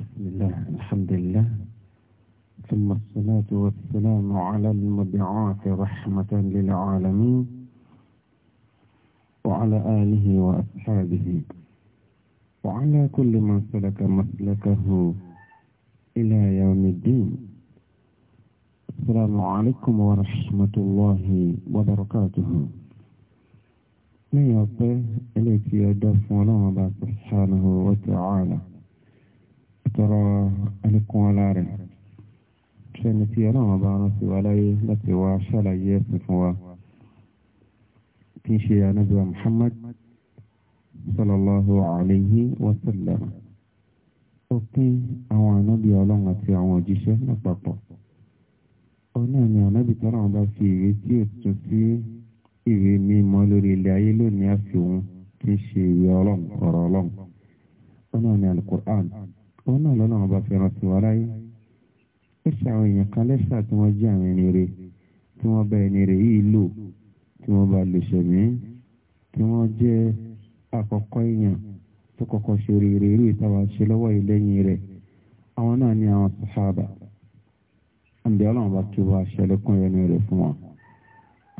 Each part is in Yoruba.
بسم الله الحمد لله ثم الصلاة والسلام على المبعوث رحمة للعالمين وعلى آله وأصحابه وعلى كل من سلك مسلكه إلى يوم الدين السلام عليكم ورحمة الله وبركاته من ọpẹ́ إليك يا ọjọ́ fún سبحانه وتعالى àtọrọ alékún ọlá rẹ̀ ṣẹ́ni tí ọlọ́run bá rán sí wa láyé láti wá ṣàlàyé ẹ̀sìn fún wa tí ń ṣe anábíwá Muhammad sallallahu alayhi wa sallam ó pín àwọn anábí ọlọ́run àti àwọn òjíṣẹ́ lápapọ̀ ọ̀nà ni anábí tọ́lọ́run bá fi ìwé tí ó tún sí ìwé mímọ́ lórí ilẹ̀ ayé lónìí àfi tí ṣe ìwé ọlọ́run ọ̀rọ̀ ọlọ́run ọ̀nà ni alukur'an òun náà lọ́nà ọba fẹ́ràn tí wọ́n ráyé ó ṣe àwọn èèyàn kan lẹ́sà tí wọ́n jẹ́ àwọn ẹni rẹ̀ tí wọ́n bá ẹni rẹ̀ yìí lò tí wọ́n bá lè ṣẹ̀mí tí wọ́n jẹ́ àkọ́kọ́ èèyàn tó kọ́kọ́ ṣe rere rí ìtawà ṣe lọ́wọ́ ìlẹ́yìn rẹ̀ àwọn náà ní àwọn sàhábà àǹdí ọlọ́run bá tó wá ṣẹlẹ́kùn ẹni rẹ̀ fún wọn.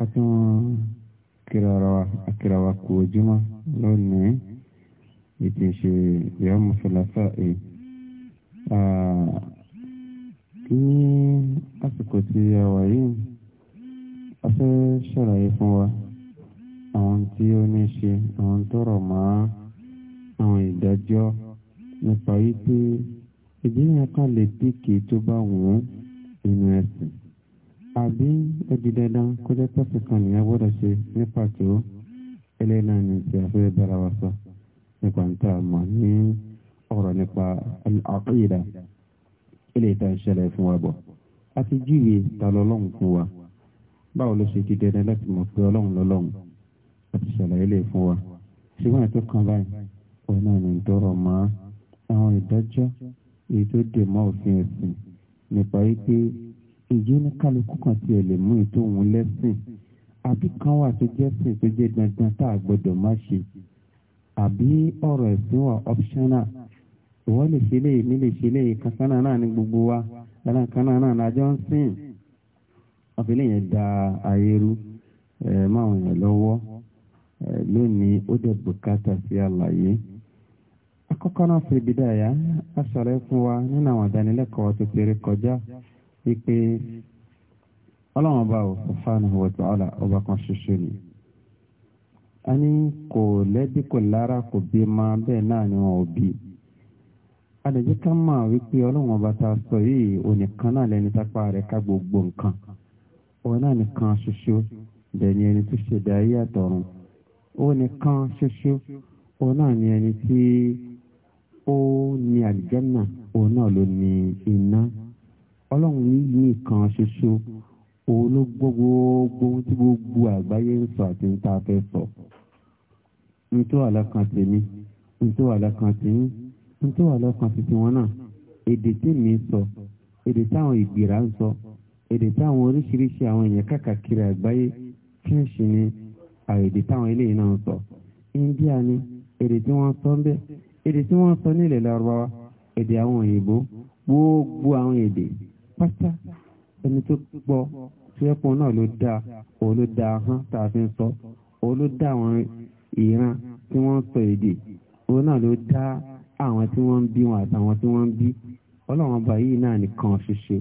a ti wọn kíra kú ojúmọ́ lónìí ètò ìṣe mọ́fẹ́lá fáà èyí ní àsìkò tí a wà yìí a fẹ́ ṣàlàyé fún wa àwọn tí ó ní ṣe àwọn tó rọ̀ mọ́ àwọn ìdájọ́ nípa wípé ìdíyàn kan lè píkì tó bá wù ú nínú ẹ̀sìn àbí ẹbí dandan kó jẹ́ pẹ́sì kan nìyẹn gbọ́dọ̀ ṣe ní pàtó ẹlẹ́nà ní ti àfẹ́ bára wa sọ nípa níta mọ̀ ní ọ̀rọ̀ nípa àkídà ilé ìta ìṣẹ̀lẹ̀ fún wa bọ̀ a ti jíwe ta lọ́lọ́run fún wa báwo ló ṣe ti dẹdẹ láti mọ̀ pé ọlọ́run lọ́lọ́run a ti ṣẹlẹ̀ ilé fún wa ṣùgbọ́n àti kan báyìí òun náà ní ìdọ́rọ̀ mọ́ àwọn ìdájọ́ èyí tó dè mọ́ òfin ẹ̀sìn nípa wípé ìjẹ́ ní kálukú kan tiẹ̀ lè mú ètò òun lẹ́sìn àbí kan wà tó jẹ́ sìn tó jẹ́ dandan tá a gbọ́dọ̀ má ṣe àbí ọ̀rọ̀ ẹ̀sìn wà optional ìwọ lè ṣe léyìí mi lè ṣe na kankanáà náà ní gbogbo wa kankanáà náà lájọ ń sìn ọ̀fìlẹ̀ yẹn da ayé máwọn yẹn lọ́wọ́ lónìí ó dẹ̀ bùkátà sí àlàyé akọ́kọ́ náà fi bidaya aṣọ̀rẹ́ fún wa nínú àwọn ìdánilẹ́kọ̀ọ́ tó péré kọjá wípé ọlọ́run ọba ò ọba kan ṣoṣo ni a ní kò lẹ́bí kò lára kò bí ma bẹ́ẹ̀ náà ni wọn àdèjẹ́ ká mọ̀ wípé ọlọ́run ọba ta sọ yìí onìkan náà lẹni tápá rẹ̀ ká gbogbo nǹkan òun náà nìkan ṣoṣo dẹ̀ni ẹni tó ṣẹ̀dá ayé àtọ̀run òun nìkan ṣoṣo òun náà ni ẹni tí ó ní àlìjẹ́nà òun náà ló ní iná ọlọ́run yìí nìkan ṣoṣo òun ló gbọ́ gbogbo tí gbogbo àgbáyé ń sọ àti ń ta fẹ́ sọ. n àlàkàn tèmi n àlàkàn tèmi n tó wà lọ́kàn títí wọn náà èdè tí mi ń sọ èdè táwọn ìgbìrà ń sọ èdè táwọn oríṣiríṣi àwọn èèyàn káàkiri àgbáyé fíǹsì ni àèdè táwọn eléyìí náà ń sọ india ni èdè tí wọ́n sọ ń bẹ èdè tí wọ́n sọ nílẹ̀ lárúbáwá èdè àwọn òyìnbó gbogbo àwọn èdè pátá ẹni tó gbọ́ tí náà ló dá òun ló dá ahọ́n tá a fi ń sọ òun ló dá àwọn ìran tí wọ́n sọ èdè òun náà ló dá. àwọn tí wọ́n ń bí wọn àtàwọn tí wọ́n ń bí ọlọ́run ọba yìí náà nìkan ṣoṣo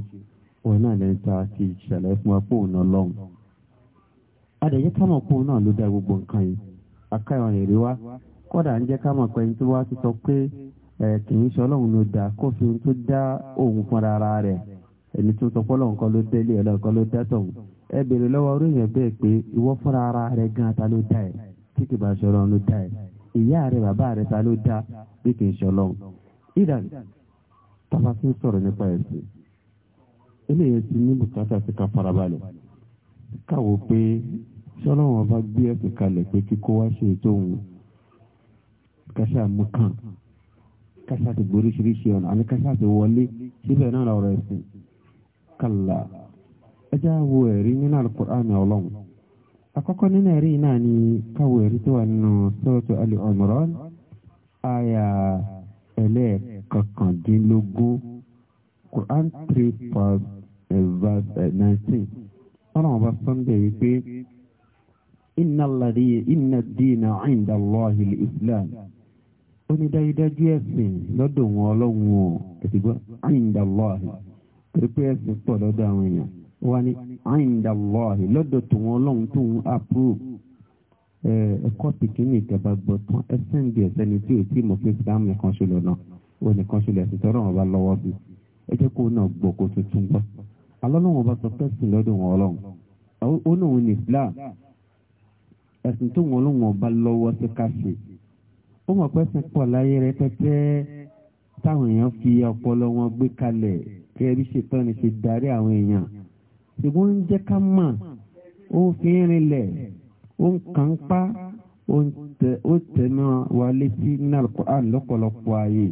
òun náà lẹ́nu tá a ti ṣàlàyé fún wa pé òun náà kámọ̀ pé òun náà ló dá gbogbo nǹkan yìí wá ń jẹ́ kámọ̀ pé ẹni tó wá ti sọ pé kì í ṣe ọlọ́run ara rẹ̀ ẹni tó sọ pé ọlọ́run kan ló délé ọlọ́run ló dá tọ̀hún ẹ bèrè lọ́wọ́ orí bí kì í ṣe ọlọ́run ìdá tàbá tí ń sọ̀rọ̀ nípa ẹ̀sìn eléyìí ti ní bùkátà sí ká farabalẹ̀ káwo pé ṣọlọ́run ọba gbé ẹ̀sìn kalẹ̀ pé kíkó wá ṣe ètò òun kásá mú kàn kásá ti gboríṣiríṣi ọ̀nà àní kásá ti wọlé síbẹ̀ náà lọ́rọ̀ ẹ̀sìn kàlá ẹjẹ́ wo ẹ̀rí nínú alukur'an ọlọ́run àkọ́kọ́ nínú ẹ̀rí náà ni káwo ẹ̀rí tó wà nínú sọ́ọ̀tù Ali Imran. àyà ẹlẹ́ẹ̀kọkàndínlógún Quran three eh, verse verse eh, nineteen ọlọ́run bá sunday wípé inna ladhi inna dina inda Allahi islam ó ní dájúdájú ẹ̀sìn lọ́dọ̀ wọn ọlọ́run o ẹ̀sìgbọ́ inda Allahi ẹ̀sìn pọ̀ lọ́dọ̀ àwọn èèyàn wọ́n ní inda Allahi lọ́dọ̀ tó wọn ọlọ́run tó approve. ẹ̀kọ́ pìkínì ìjọba gbọ́ tán ẹsẹ̀ ń di ẹ̀sẹ̀ ni tí ò tí mo fi islam nìkan ṣe lọ́nà ó nìkan ṣe lẹ̀sìn tọ́rọ̀ wọn bá lọ́wọ́ sí ẹ jẹ́ kó náà gbọ́ kó tuntun gbọ́ alọ́lọ́wọ́n bá sọ fẹ́ sìn lọ́dọ̀ wọn ọlọ́run ó náà ní islam ẹ̀sìn tó wọn lóun ọba lọ́wọ́ sí káṣí ó mọ̀ pé ẹ̀sìn pọ̀ láyé rẹ pẹ́pẹ́ táwọn èèyàn fi ọpọlọ wọn gbé kalẹ̀ kẹ́ bí ṣetán ni ṣe darí àwọn èèyàn ṣùgbọ́n ń jẹ́ ká mọ̀ ó fi ń rinlẹ̀ ó ń kàn pa ó tẹnu wa létí ní Al-Qur'an lọ́pọ̀lọpọ̀ ààyè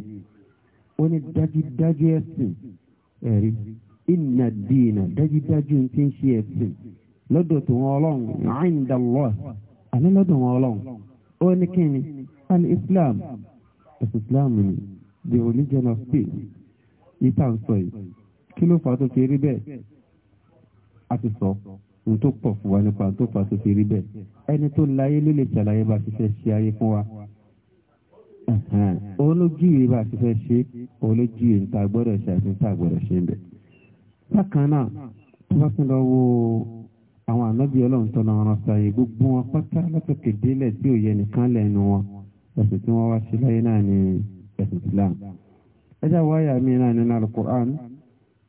ó ní dájúdájú ẹ̀sìn ẹ̀rí inna ad-dīna dájúdájú ti ń ṣe ẹ̀sìn lọ́dọ̀ tó wọn ọlọ́run inda Allah àní lọ́dọ̀ wọn ọlọ́run ó ní kí ni al-Islam ẹ̀sìn Islam ni the religion of peace ìtàn sọ yìí kí ló fà á tó fi rí bẹ́ẹ̀ a sọ. So ohun tó pọ̀ fún wa nípa tó fà tó fi rí bẹ́ẹ̀ ẹni tó láyé ló lè ṣàlàyé bá ṣiṣẹ́ ṣe ayé fún wa òun ló júwe bá ṣiṣẹ́ ṣe òun ló júwe níta gbọ́dọ̀ ṣe àti níta gbọ́dọ̀ ṣe ń bẹ̀. bákan náà tó bá tún lọ wo àwọn ànábì ọlọ́run tó náà rán sáyé gbogbo wọn pátá látòkè délẹ̀ tí ò yẹ nìkan lẹ́nu wọn ẹ̀sìn tí wọ́n wá ṣe láyé náà ní ẹ̀sìn Islam. ẹjá quran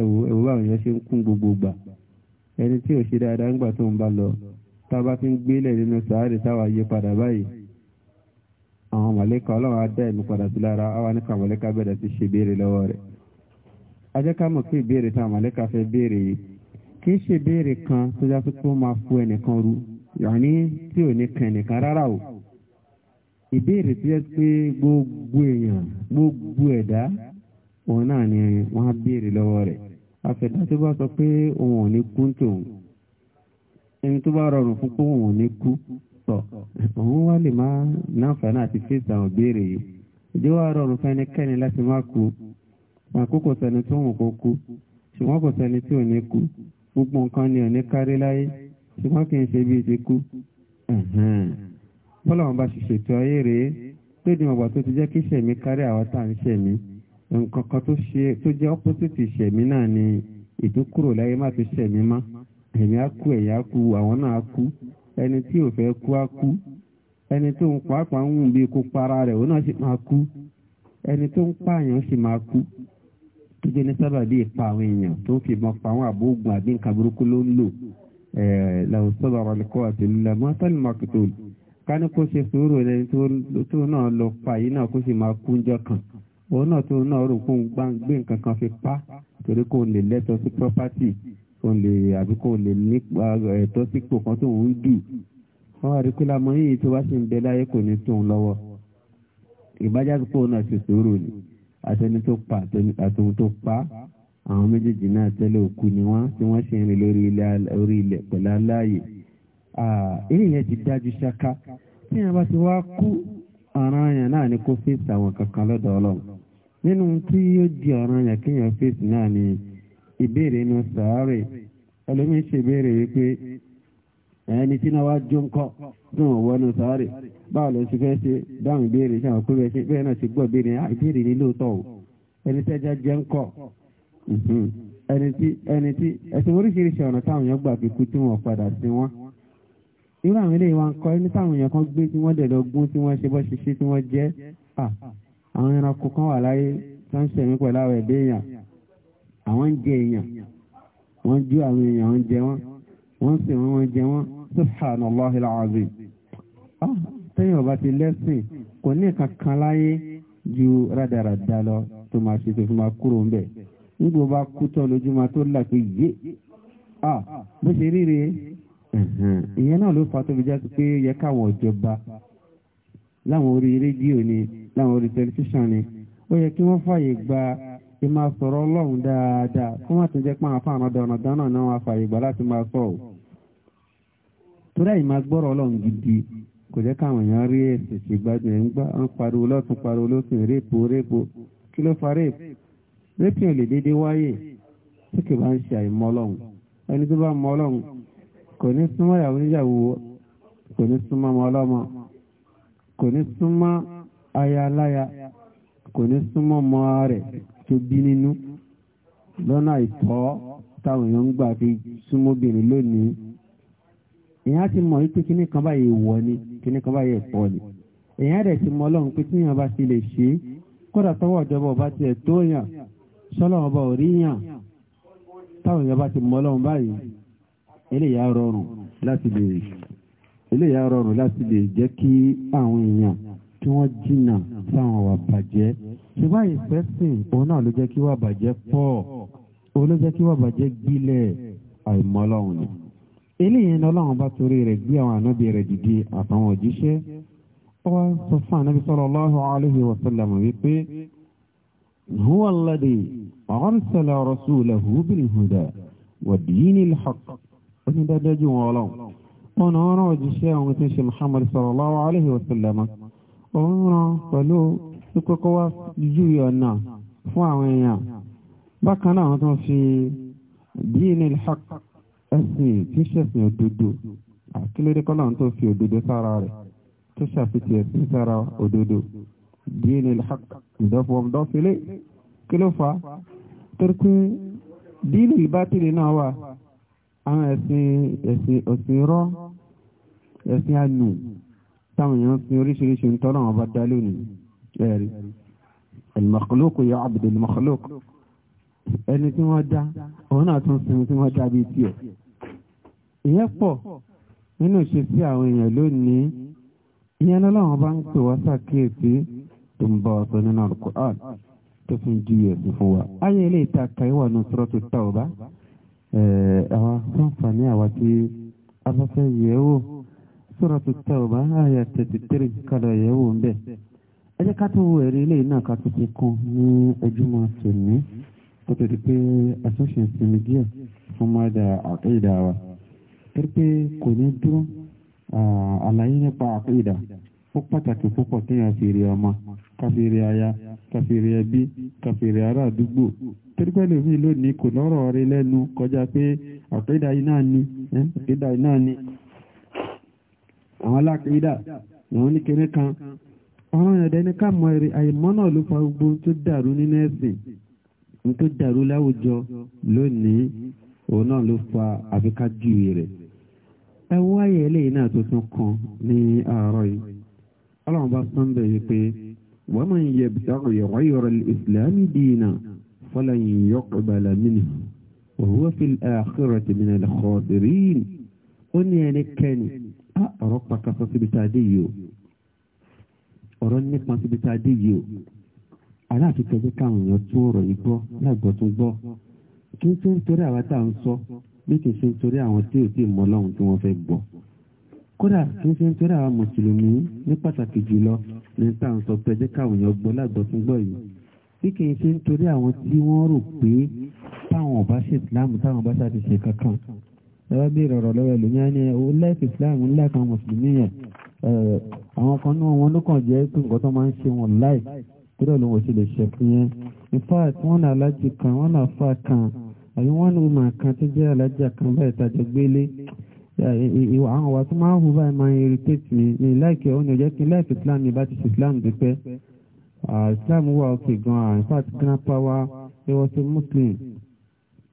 ẹ̀wò ẹ̀wò àwọn èèyàn ṣe ń kún gbogbo gbà ẹni tí ò ṣe dáadáa ń gbà tó ń bá lọ tá a bá ti ń gbélẹ̀ nínú sàárè táwa yí padà báyìí àwọn màlẹ́kà ọlọ́run á dá ẹ̀mí padà sí lára àwa ní ká màlẹ́kà bẹ̀rẹ̀ sí ṣe béèrè lọ́wọ́ rẹ̀ ajẹ́ ká mọ̀ pé ìbéèrè táwọn màlẹ́kà fẹ́ béèrè yìí kì í ṣe béèrè kan tó já pípọ́ máa fún ẹnìkan ru yàní tí ò ní kan ẹnìkan rárá o ìbéèrè tó yẹ pé gbogbo èèyàn gbogbo ẹ̀dá òun náà ni wọ́n á béèrè lọ́wọ́ rẹ̀ afẹ́dá tó bá sọ pé òun ò ní kú tòun ẹni tó bá rọrùn fún pé òun ò ní kú tọ̀ òun wá lè má náǹfààní àti fèsì àwọn béèrè yìí ìdí wàá rọrùn fún ẹnikẹ́ni láti má kú àkókò sẹni tó ń kó kú ṣùgbọ́n kò sẹni tí ò ní kú gbogbo nǹkan ni ò ní kárí láyé ṣùgbọ́n kì í ṣe bí ti kú bọ́lá wọn bá ṣe ṣètò ayé rèé pé ìdìmọ̀gbà tó ti jẹ́ kí ṣẹ̀mí kárí àwọn tá à ń ṣẹ̀mí nǹkan kan tó ṣe tó jẹ́ opposite ìṣẹ̀mí náà ni ètò kúrò láyé má fi ṣẹ̀mí má ẹ̀mí á kú ẹ̀yà kú àwọn náà kú ẹni tí ò fẹ́ kú á kú ẹni tó ń pàápàá ń wùn bí kó para rẹ̀ òun náà sì máa kú ẹni tó ń pààyàn sì máa kú tó jẹ́ ní sábà bí ipa àwọn èèyàn tó ń fi ìbọn pa àwọn àbóògùn àbí nǹkan burúkú ló ń lò làwọn sọ́dọ̀ ọ̀rọ̀ lẹ́kọ́ àtẹ̀lú làmọ́ sálì mọ́kìtò ká ní kó ṣe sòrò ẹni tó náà lọ pa yìí náà kó sì máa kú ńjọ́ kan òun náà tó náà rò fún gbàngbé nǹkan kan fi pa torí kò lè lẹ́tọ̀ọ́ sí property kò lè àbí kò lè ní ẹ̀tọ́ sípò kan tó ń dù wọ́n wá rí pé lámọ́ yìí tó bá sì ń bẹ láyé kò ní tóun lọ́wọ́ ìbájáde náà ti sòrò ni àtẹni tó pa àtòun tó pa àwọn méjèèjì náà tẹ́lẹ̀ òkú ni wọ́n tí wọ́n ṣe ń rìn lórí ilẹ̀ pẹ̀lú aláàyè eré yẹn ti dájú ṣáká tí yẹn bá ti wá kú ọ̀ràn yẹn náà ni kó fèsì àwọn kankan lọ́dọ̀ ọlọ́run nínú tí yóò di ọ̀ràn yàn kéèyàn fèsì náà ni ìbéèrè inú sàárè ẹlòmíín ṣe béèrè wípé ẹni tí náà wá jó ń kọ́ dùn wọnú sàárè báwo ló ti fẹ́ ṣe dáhùn ìbéèrè ṣe àwọn pé bẹ́ẹ̀ ṣe bẹ́ẹ̀ náà ti gbọ́ ìbéèrè yẹn ìbéèrè ni lóòótọ́ o ẹni tẹ́já jẹ́ ń kọ́ mhm. ẹni tí ẹni tí ẹ̀sìn oríṣiríṣi ọ̀nà táwọn èèyàn gbà fi kú tí wọ́n padà sí wọn irú àwọn eléyìí wá ń ẹni táwọn èèyàn kan gbé tí wọ́n dẹ̀ lọ gún tí wọ́n ṣe bọ́ ṣe ṣe tí wọ́n jẹ́ àwọn ẹranko kan wà láyé tó ń sẹ̀mí pẹ̀lú àwọn ẹ̀dẹ́ èèyàn àwọn ń jẹ èèyàn wọ́n ju àwọn èèyàn wọ́n jẹ wọ́n wọ́n sì wọ́n wọ́n jẹ wọ́n subhanallahi alazim ah, tẹ́yìn ọba ti lẹ́sìn kò ní nǹkan kan láyé ju rádaràda lọ tó máa ṣe tó fi máa kúrò ń bẹ̀ nígbà bá kú tọ́ lójúmọ́ tó là pé yé ah, bó ṣe ríre ìyẹn náà ló fà tó fi pé yẹ káwọn ìjọba láwọn orí rédíò ni láwọn orí tẹlifíṣàn ni ó yẹ kí wọ́n fààyè gba ẹ máa sọ̀rọ̀ ọlọ́run dáadáa kó má tún jẹ́ pé àwọn afáàmọ́ dáná dáná náà wọ́n fààyè gbà láti máa sọ ọ́ torí àyè máa gbọ́rọ̀ ọlọ́run gidi kò jẹ́ káwọn èèyàn rí èsì ṣègbádùn ẹ̀ ń gbá ń pariwo lọ́tún pariwo lọ́tún réèpù réèpù kí ló fa réèpù réèpù lè déédéé wáyé tí kì bá ń ṣe àìmọ̀ ọlọ́run ẹni tó bá mọ̀ ọlọ́run kò ní súnmọ́ ìyàwó níyàwó kò ní súnmọ́ ọmọ ọlọ́mọ kò ní súnmọ́ ayaláya kò ní súnmọ́ ọmọ rẹ̀ tó bí nínú lọ́nà ìtọ́ táwọn èèyàn ń gbà fi súnmọ́bìnrin lónìí èèyàn ti mọ̀ wípé kíní kan báyìí wọ̀ ni kíní kan báyìí pọ̀ ni èèyàn rẹ̀ ti mọ ọlọ́run pé tíyàn bá ti lè ṣe é kódà tọwọ́ ìjọba ọba tiẹ̀ tó yàn sọ́lọ́run ọba ò rí yàn táwọn èèyàn bá ti mọ ọlọ́run báyìí eléyàá rọrùn láti lè rí eléyà rọrùn láti lè jẹ́ kí àwọn èèyàn tí wọ́n jìnnà sáwọn wà bàjẹ́ ṣùgbọ́n ìfẹ́ sìn òun náà ló jẹ́ kí wà bàjẹ́ pọ̀ òun ló jẹ́ kí wà bàjẹ́ gbilẹ̀ àìmọ́ ọlọ́run ni eléyìí ni ọlọ́run bá torí rẹ̀ gbé àwọn ànábì rẹ̀ dìde àtàwọn òjíṣẹ́ ó sọ fún ànábì sallallahu alaihi wa sallam wípé huwa alladhi arsala rasulahu bil huda wa dinil haqq ó ọ̀nà ọ̀rọ̀ òjíṣẹ́ àwọn tí ń ṣe Muhammad sallallahu alaihi wa sallam òun ràn pẹ̀lú pípẹ́kọ́ wá ju ọ̀nà fún àwọn èèyàn bákan náà wọ́n tún fi díìní haq ẹ̀sìn tí ṣẹ̀sìn òdodo àkílódé kọ́lá tó fi òdodo sára rẹ̀ tó ṣàfihàn ẹ̀sìn sára òdodo díìní àwọn ẹ̀sìn ọ̀sìn rọ́ ẹ̀sìn àlù táwọn èèyàn fi oríṣiríṣi ń tọ́lọ̀ ọba dá lónìí ẹ̀rí al-makhluq ya'budu al-makhluq ẹni tí wọ́n dá òun náà tún sinmi tí wọ́n dá bíi tiẹ̀ ìyẹn pọ̀ nínú ìṣesí àwọn èèyàn lónìí ìyẹn lọ́lọ́run bá ń pè wá sàkíyèsí tó ń bá wa sọ nínú Al-Qur'an tó fi ń jí ẹ̀sìn fún wa. ayé ilé ìta Eh, àwọn fáfàní àwa tí afẹ́fẹ́ yẹ̀wò Suratu Tawba àyà tẹ̀tì tẹ̀rì kàdà yẹ̀wò ń bẹ̀. ẹ jẹ́ ká tó wo ẹ̀rí ilé náà ká tó ti kún ní ojúmọ́ sèmi kó tó di pé àtúnṣe sinmi díẹ̀ fún mọ́dà àkéèdà wa. pé kò ní dúró àlàyé nípa àkéèdà ó pàtàkì púpọ̀ téèyàn fi rí ọmọ káfíìrì aya káfíìrì ẹbí káfíìrì ará àdúgbò torípẹ́lú mi lónìí kò lọ́rọ̀ rí lẹ́nu kọjá pé àkídà iná ni àkídà iná ni àwọn alákìídà àwọn oníkéré kan àwọn ẹ̀dẹ́ ní ká mọ èrè àìmọ́ náà ló fa gbogbo tó dàrú nínú ẹ̀sìn tó dàrú láwùjọ lónìí òun náà ló fa àfikájú rẹ̀ ẹ wáyé eléyìí náà tó tún kan ní àárọ̀ yìí ọlọ́run bá sọ ń bẹ̀ yìí pé wọ́n máa ń yẹ bìtàkù yọ̀rọ̀ yọ̀rọ̀ ìsìlámì dìínà fọlá yìí yọ̀kọ̀ bàlá mìíní òwúwọ́ fi àkírọ̀ tèmi náà lọ́kọ̀ tìrín ó ní ẹni kẹ́ni á ọ̀rọ̀ pàkàtà síbi tá a dé yìí o ọ̀rọ̀ nípa síbi tá a dé yìí o aláàfin kẹjẹ káwọn èèyàn tún ọ̀rọ̀ yìí gbọ́ lágbọ́ tún gbọ́ kí n tó torí àwa tá à ń sọ bí kì í ṣe ń torí àwọn tí ò tí ì mọ ọlọ́run tí wọ́n fẹ́ gbọ́ kódà kí n ṣe ń tẹ́lẹ̀ àwọn mùsùlùmí ní pàtàkì jùlọ ní tá à ń sọ pé jẹ́ káwọn èèyàn gbọ́ lágbọ́tún gbọ́ yìí bí kì í ṣe ń torí àwọn tí wọ́n rò pé táwọn ọba ṣe ìsìláàmù táwọn ọba ṣáà ti ṣe kankan ẹ̀rọ bí ìrọ̀rọ̀ lọ́wọ́ ẹlòmí á ní owó láìpẹ́ ìsìláàmù ńlá kan mùsùlùmí yẹn àwọn kan náà wọn ló kàn jẹ́ pé nǹkan tó máa ń ṣe wọn láì torí ọ̀lọ́ wọn ṣe lè ṣe fún yẹn in fact wọ́n náà alájì kan wọ́n náà fà kan àbí wọ́n náà mà kan tó jẹ́ alájà kan báyìí tàjọ gbélé ìwà àwọn ọ̀wà tó máa ń hù báyìí máa ń irritate mi ní láìkẹ́ ó ní ọjọ́ kí n islam ní bá ti ṣe islam ti pẹ́ islam wà òkè gan-an in fact power. wa he was a muslim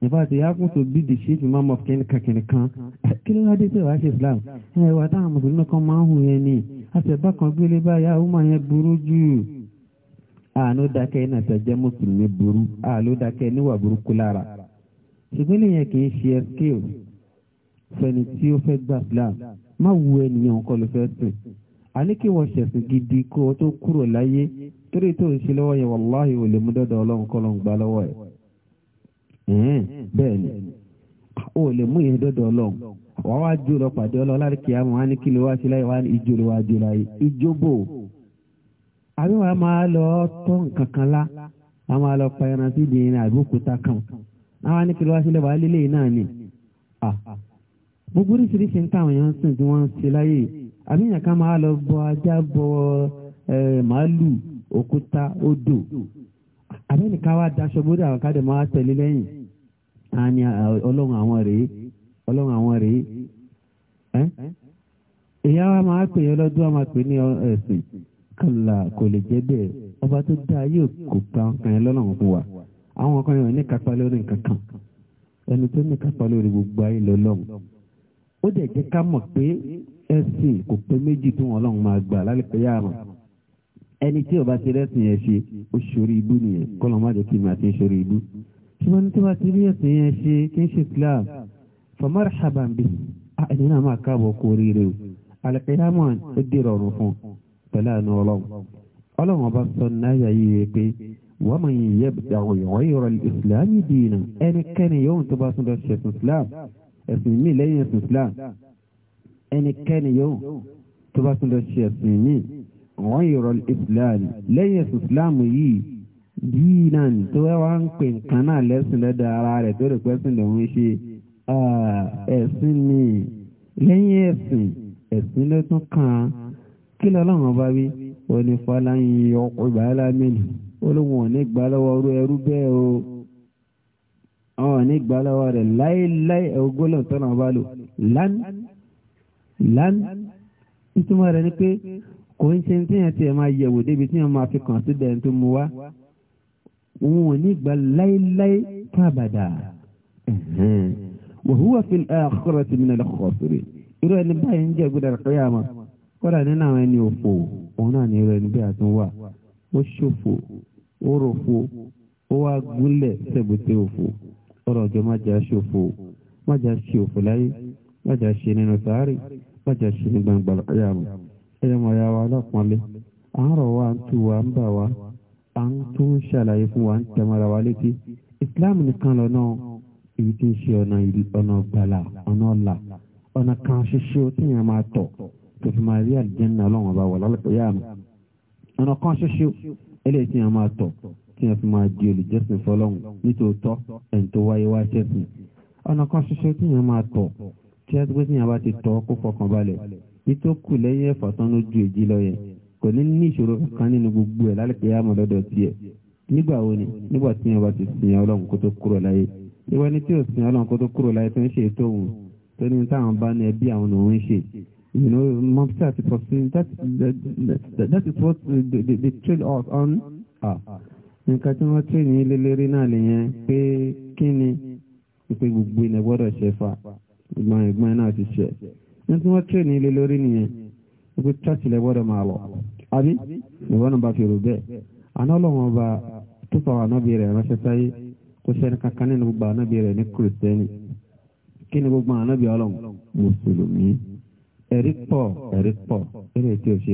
in fact he happened to be the chief imam of kẹ́nìkan kẹ́nìkan kí ló wá dé tẹ̀wá ṣe islam ẹ̀ wà táwọn mùsùlùmí kan máa ń hù yẹn ni àtẹ̀bá kan gbélé báyà ó máa yẹn burú jù àánú dákẹ́ iná tẹ̀jẹ́ mùsùlùmí burú àló dákẹ́ níwà burúkú lára ṣùgbọ́n lè yẹn kì í ṣe excuse fẹni tí ó fẹ́ gbà Islam má wu ènìyàn kọ́ ló fẹ́ sìn àní wọ́n ṣẹ̀sìn gidi kó o tó kúrò láyé torí tó ń ṣe lọ́wọ́ yẹn wàláhì ò lè mú dọ́dọ̀ ọlọ́run kọ́ ló ń gbà lọ́wọ́ ẹ̀ bẹ́ẹ̀ ni ó lè mú ìyẹn dọ́dọ̀ ọlọ́run wọ́n wá jó lọ pàdé ọlọ́run láti kí àwọn á ní kí ló wá sí láyé wá ní ijó ló wá jó láyé ijó bò àbí wàá máa lọ tọ́ nǹkan kan lá wàá máa lọ pa ẹran sídìí ní àbí òkúta kan àwọn á gbogbo oríṣiríṣi ń táwọn èèyàn ń sìn tí wọ́n ń ṣe láyè àbíyàn ká máa lọ bọ ajá bọ màálù òkúta odò àbẹ́ni ká wá daṣọ bóde àwọn káde máa tẹ̀lé lẹ́yìn àní ọlọ́run àwọn rèé ọlọ́run àwọn rèé ẹ́ ìyá wa máa pè é lọ́dún wa máa pè é ní ẹ̀sìn kàlà kò lè jẹ́ bẹ́ẹ̀ ọba tó dá yóò kó pa nǹkan yẹn lọ́nà fún wa àwọn kan yóò ní kápá lórí nǹkan kan ẹni tó ní kápá lórí gbogbo ayé lọ́lọ́run ó dẹ̀ jẹ́ ká mọ̀ pé ẹ̀sìn kò pé méjì tó wọn ọlọ́run máa gbà lálẹ́ yá àmọ́ ẹni tí ó bá ti rẹ́sìn yẹn ṣe ó ṣorí ibú nìyẹn kọ́lọ́ má jẹ́ kí mi àti ṣorí ibú ṣùgbọ́n tí wọ́n ti rí ẹ̀sìn yẹn ṣe kí n ṣe Islam famarhaban bi ah, ẹni náà máa káàbọ̀ kó oríire o alẹ́kẹ́yàmọ̀ ó dé rọrùn fún pẹ̀lú àánú ọlọ́run ọlọ́run ọba sọ náyà yìí pé wọ́n yìí yẹ ẹ̀sìn míì lẹ́yìn ẹ̀sìn Islam ẹnikẹ́ni yóò tó bá tún lọ ṣe ẹ̀sìn míì wọ́n yọrọ Islam lẹ́yìn ẹ̀sìn Islam yìí yìí náà ní tó wá ń pè nǹkan náà lẹ́sìn lọ́dọ̀ ara rẹ̀ tó rẹ̀ pẹ́sìn lòun ṣe ẹ̀sìn míì lẹ́yìn ẹ̀sìn ẹ̀sìn ló tún kàn án kí lọ́lọ́run ọba wí onífọláyìn ọkọ̀ ìgbàlá mẹ́lì olóhùn ò ní gbà lọ́wọ́ ẹrú àwọn nígbà lọ́wọ́ rẹ̀ láéláé ẹ̀wọ́gbọ́lọ̀ tọ́nà bá lò lán lán ìtumọ̀ rẹ̀ ni pé kò ń ṣe tí yẹn ti ẹ̀ máa yẹ̀wò débi tí yẹn máa fi kàn sí dẹ̀ẹ́n tó mu wá wọn ò nígbà láéláé fàbàdà wa huwa fil akhirati minal khasirin irú ẹni báyìí ń jẹ́ gbọ́dọ̀ kíyámà kọ́dà nínú àwọn ẹni òfò òun náà ní irú ẹni bí àtúnwà ó ṣòfò ó rọ̀fò ó wá gúnlẹ̀ sẹ́gbẹ̀tẹ̀ òfò ọ̀rọ̀ ọjọ́ má jà ṣòfò má jà ṣe òfò láyé má jà ṣe nínú sàárì má jà ṣe ní gbangba ẹ̀yàmù ẹ̀yàmù ọ̀yà wa lọ́pọ̀nlé à ń rọ̀ wa ń tu wa ń bà wa à ń tún ń ṣàlàyé fún wa ń tẹ̀mọ́ra wa létí Islam nìkan lọ náà èyí tí ń ṣe ọ̀nà ọ̀nà ọ̀gbàlà ọ̀nà ọ̀là ọ̀nà kan ṣoṣo tí yẹn máa tọ̀ tó fi máa rí àlùjànnà ọlọ́run ọba wà lálẹ́ kí wọ́n fi máa di olùjẹ́sìn fọlọ́hún nítòótọ́ ẹni tó wáyé wá ṣẹ́sìn ọ̀nà kan ṣoṣo tí wọ́n máa tọ̀ tí wọ́n ti pé tí wọ́n bá ti tọ́ kó fọkàn balẹ̀ nítòkù lẹ́yìn ẹ̀fọ́ tán lójú èjì lọ yẹn kò ní ní ìṣòro kankan nínú gbogbo ẹ̀ lálẹ́ kìí àmọ́ lọ́dọ̀ tiẹ̀ nígbà wo ni nígbà tí bá ti sin ọlọ́run kó kúrò láyé ìwọ ni tí ò sin ọlọ́run kó kúrò láyé tó ń ṣe ètò òun tó ní táwọn bá ní ẹbí àwọn òun ṣe you know mobster ti pọ̀ sí that that is what they, they, they trail us on. Ah nǹkan tí wọ́n tì ní lélẹ́rí náà lèyẹn pé kí ni pé gbogbo ilẹ̀ gbọ́dọ̀ ṣe fà ìgbọ̀n ìgbọ̀n náà ti ṣe ní tí wọ́n tì ní lélẹ́rí nìyẹn pé church ilẹ̀ gbọ́dọ̀ máa lọ àbí ìwọ́n náà bá fi rò bẹ́ẹ̀ àná ọlọ́wọ́n ọba tó fà wà nábì rẹ̀ ránṣẹ́ sáyé kò sẹ́ni kankan nínú gbogbo ànábì rẹ̀ ní kìrìsìtẹ́nì kí ni gbogbo ànábì ọlọ́run mùsùlùmí ẹ̀rí pọ̀ ẹ̀rí pọ̀ eré tí ò ṣe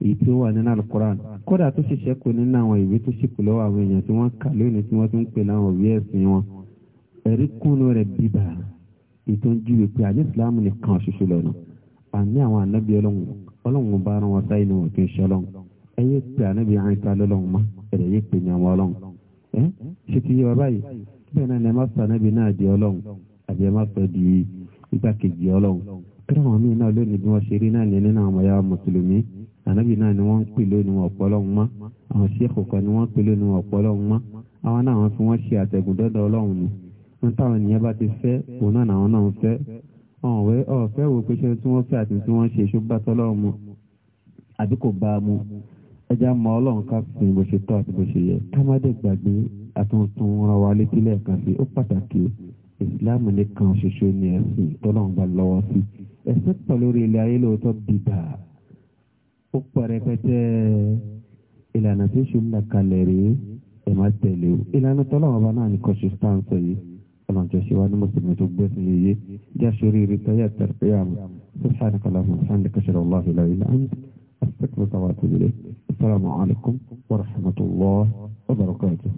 èyí tí ó wà nínú alukoran kódà tó ṣiṣẹ́ kù nínú àwọn ìwé tó ṣìkù lọ́wọ́ àwọn èèyàn tí wọ́n kà lónìí tí wọ́n tún ń pè láwọn òbí ẹ̀sìn wọn ẹ̀rí kúnnú rẹ̀ bíbà ètò ń júwe pé àní ìsìláàmù nìkan ṣoṣo lọ́nà àní àwọn ànábì ọlọ́run ọlọ́run bá rán wọn sáyé ni wọn kì í ṣe ọlọ́run ẹ yé pé ànábì àyíká lọ́lọ́run mọ́ ẹ̀rẹ̀ yé pé ní àwọn ọlọ́run ẹ ṣe ti yé wa báyìí ni ẹ má sọ ànábì ànábì náà ni wọ́n ń pè lónìí ọ̀pọ̀lọ́hún mọ́ àwọn ṣéèkù kan ni wọ́n ń pè lónìí ọ̀pọ̀lọ́hún mọ́ àwọn náà wọ́n fi wọ́n ṣe àtẹ̀gùn dọ́dọ̀ ọlọ́run ni wọ́n táwọn ènìyàn bá ti fẹ́ òun náà làwọn náà ń fẹ́ ọ̀hún wẹ́ ọ̀fẹ́ wo pé ṣé tí wọ́n fẹ́ àti tí wọ́n ṣe ṣùgbà tọ́lọ́run mu àbí kò bá a mu ẹja mọ ọlọ́run ká ni ẹ̀sìn tọ́lọ́run bá lọ́wọ́ sí ẹ̀sìn pẹ̀lú orí ilẹ̀ ó pọ̀ rẹpẹtẹ ìlànà tí oṣù ńlá kalẹ̀ rèé ẹ̀ máa tẹ̀lé o ìlànà tọ́lọ́wọ́ bá náà ní kọ́ṣù stáǹsì yìí ọlọ́njọ́ ṣe wá ní mùsùlùmí tó gbé sí yeye já sórí rí tayé àtàrẹ́yàmù سبحانك اللهم وبحمدك اشهد ان لا اله الا انت استغفرك واتوب اليك السلام عليكم ورحمه الله وبركاته